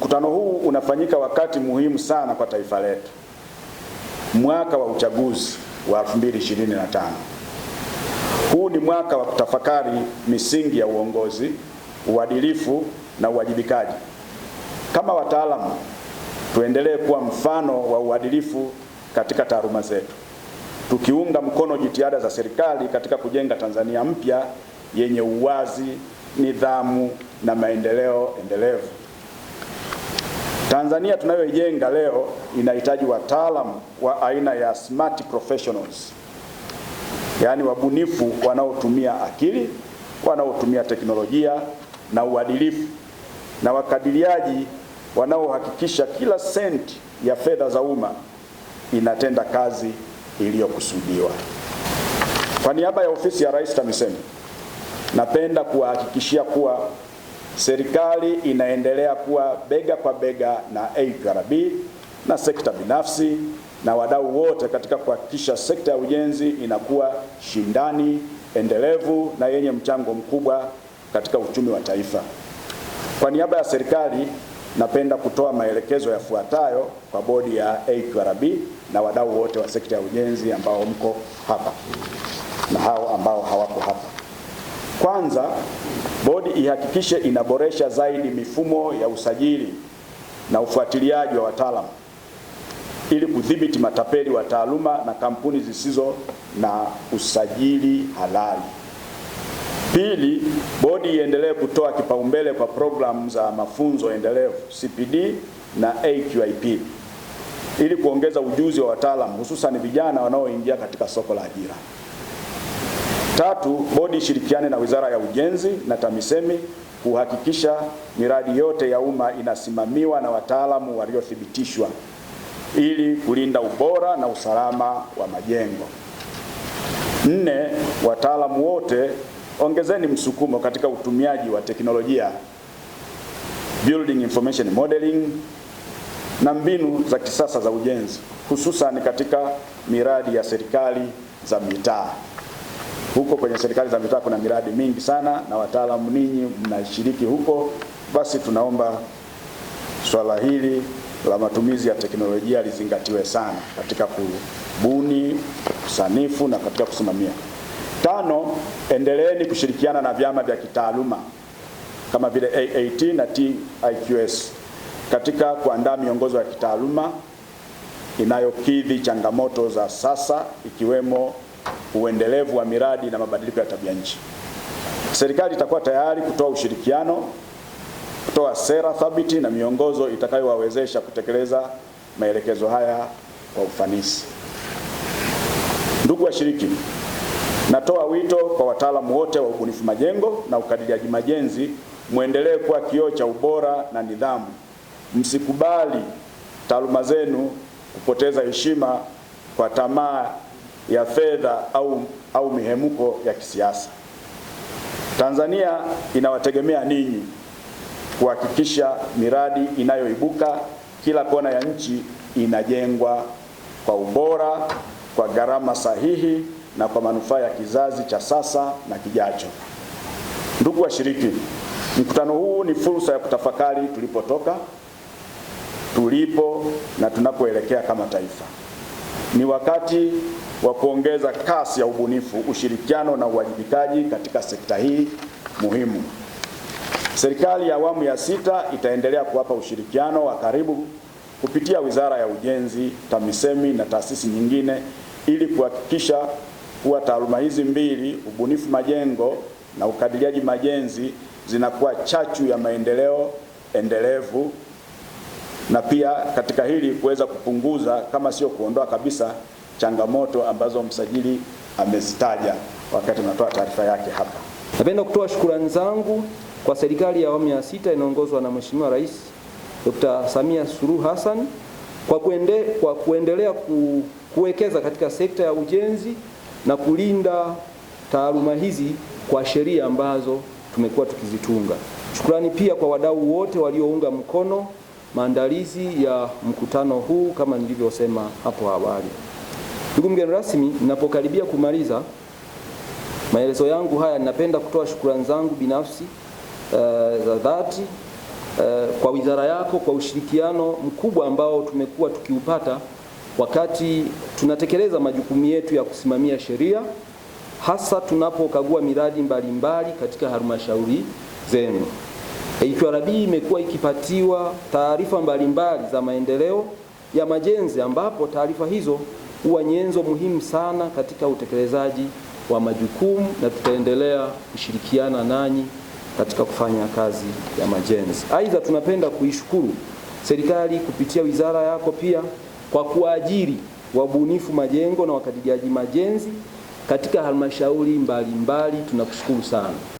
Mkutano huu unafanyika wakati muhimu sana kwa taifa letu, mwaka wa uchaguzi wa 2025. Huu ni mwaka wa kutafakari misingi ya uongozi, uadilifu na uwajibikaji. Kama wataalamu, tuendelee kuwa mfano wa uadilifu katika taaluma zetu, tukiunga mkono jitihada za serikali katika kujenga Tanzania mpya yenye uwazi, nidhamu na maendeleo endelevu. Tanzania tunayoijenga leo inahitaji wataalamu wa aina ya smart professionals, yaani wabunifu wanaotumia akili, wanaotumia teknolojia na uadilifu, na wakadiliaji wanaohakikisha kila senti ya fedha za umma inatenda kazi iliyokusudiwa. Kwa niaba ya ofisi ya Rais TAMISEMI napenda kuwahakikishia kuwa Serikali inaendelea kuwa bega kwa bega na aqrb na sekta binafsi na wadau wote katika kuhakikisha sekta ya ujenzi inakuwa shindani, endelevu na yenye mchango mkubwa katika uchumi wa taifa. Kwa niaba ya serikali napenda kutoa maelekezo yafuatayo kwa bodi ya AQRB na wadau wote wa sekta ya ujenzi ambao mko hapa na hao ambao hawako hapa. Kwanza, bodi ihakikishe inaboresha zaidi mifumo ya usajili na ufuatiliaji wa wataalamu ili kudhibiti matapeli wa taaluma na kampuni zisizo na usajili halali. Pili, bodi iendelee kutoa kipaumbele kwa programu za mafunzo endelevu CPD na AQIP ili kuongeza ujuzi wa wataalamu hususan vijana wanaoingia katika soko la ajira. Tatu, bodi ishirikiane na Wizara ya Ujenzi na TAMISEMI kuhakikisha miradi yote ya umma inasimamiwa na wataalamu waliothibitishwa ili kulinda ubora na usalama wa majengo. Nne, wataalamu wote ongezeni msukumo katika utumiaji wa teknolojia building information modeling na mbinu za kisasa za ujenzi hususan katika miradi ya serikali za mitaa. Huko kwenye serikali za mitaa kuna miradi mingi sana na wataalamu ninyi mnashiriki huko, basi tunaomba swala hili la matumizi ya teknolojia lizingatiwe sana katika kubuni, usanifu na katika kusimamia. Tano, endeleeni kushirikiana na vyama vya kitaaluma kama vile AAT na TIQS katika kuandaa miongozo ya kitaaluma inayokidhi changamoto za sasa ikiwemo uendelevu wa miradi na mabadiliko ya tabia nchi. Serikali itakuwa tayari kutoa ushirikiano, kutoa sera thabiti na miongozo itakayowawezesha kutekeleza maelekezo haya kwa ufanisi. Ndugu washiriki, natoa wito kwa wataalamu wote wa ubunifu majengo na ukadiriaji majenzi, mwendelee kuwa kioo cha ubora na nidhamu. Msikubali taaluma zenu kupoteza heshima kwa tamaa ya fedha au, au mihemko ya kisiasa. Tanzania inawategemea ninyi kuhakikisha miradi inayoibuka kila kona ya nchi inajengwa kwa ubora, kwa gharama sahihi na kwa manufaa ya kizazi cha sasa na kijacho. Ndugu washiriki, mkutano huu ni fursa ya kutafakari tulipotoka, tulipo na tunapoelekea kama taifa. Ni wakati wa kuongeza kasi ya ubunifu, ushirikiano na uwajibikaji katika sekta hii muhimu. Serikali ya awamu ya sita itaendelea kuwapa ushirikiano wa karibu kupitia Wizara ya Ujenzi, TAMISEMI na taasisi nyingine ili kuhakikisha kuwa taaluma hizi mbili, ubunifu majengo na ukadiriaji majenzi, zinakuwa chachu ya maendeleo endelevu na pia katika hili kuweza kupunguza kama sio kuondoa kabisa changamoto ambazo msajili amezitaja wakati anatoa taarifa yake hapa. Napenda kutoa shukrani zangu kwa serikali ya awamu ya sita inaongozwa na Mheshimiwa Rais Dr. Samia Suluhu Hassan kwa, kuende, kwa kuendelea ku, kuwekeza katika sekta ya ujenzi na kulinda taaluma hizi kwa sheria ambazo tumekuwa tukizitunga. Shukrani pia kwa wadau wote waliounga mkono maandalizi ya mkutano huu kama nilivyosema hapo awali. Ndugu mgeni rasmi, ninapokaribia kumaliza maelezo yangu haya, ninapenda kutoa shukrani zangu binafsi eh, za uh, dhati uh, kwa wizara yako kwa ushirikiano mkubwa ambao tumekuwa tukiupata wakati tunatekeleza majukumu yetu ya kusimamia sheria, hasa tunapokagua miradi mbalimbali mbali katika halmashauri zenu. HRD imekuwa ikipatiwa taarifa mbalimbali za maendeleo ya majenzi ambapo taarifa hizo huwa nyenzo muhimu sana katika utekelezaji wa majukumu na tutaendelea kushirikiana nanyi katika kufanya kazi ya majenzi. Aidha, tunapenda kuishukuru serikali kupitia wizara yako pia kwa kuajiri wabunifu majengo na wakadiriaji majenzi katika halmashauri mbalimbali. Tunakushukuru sana.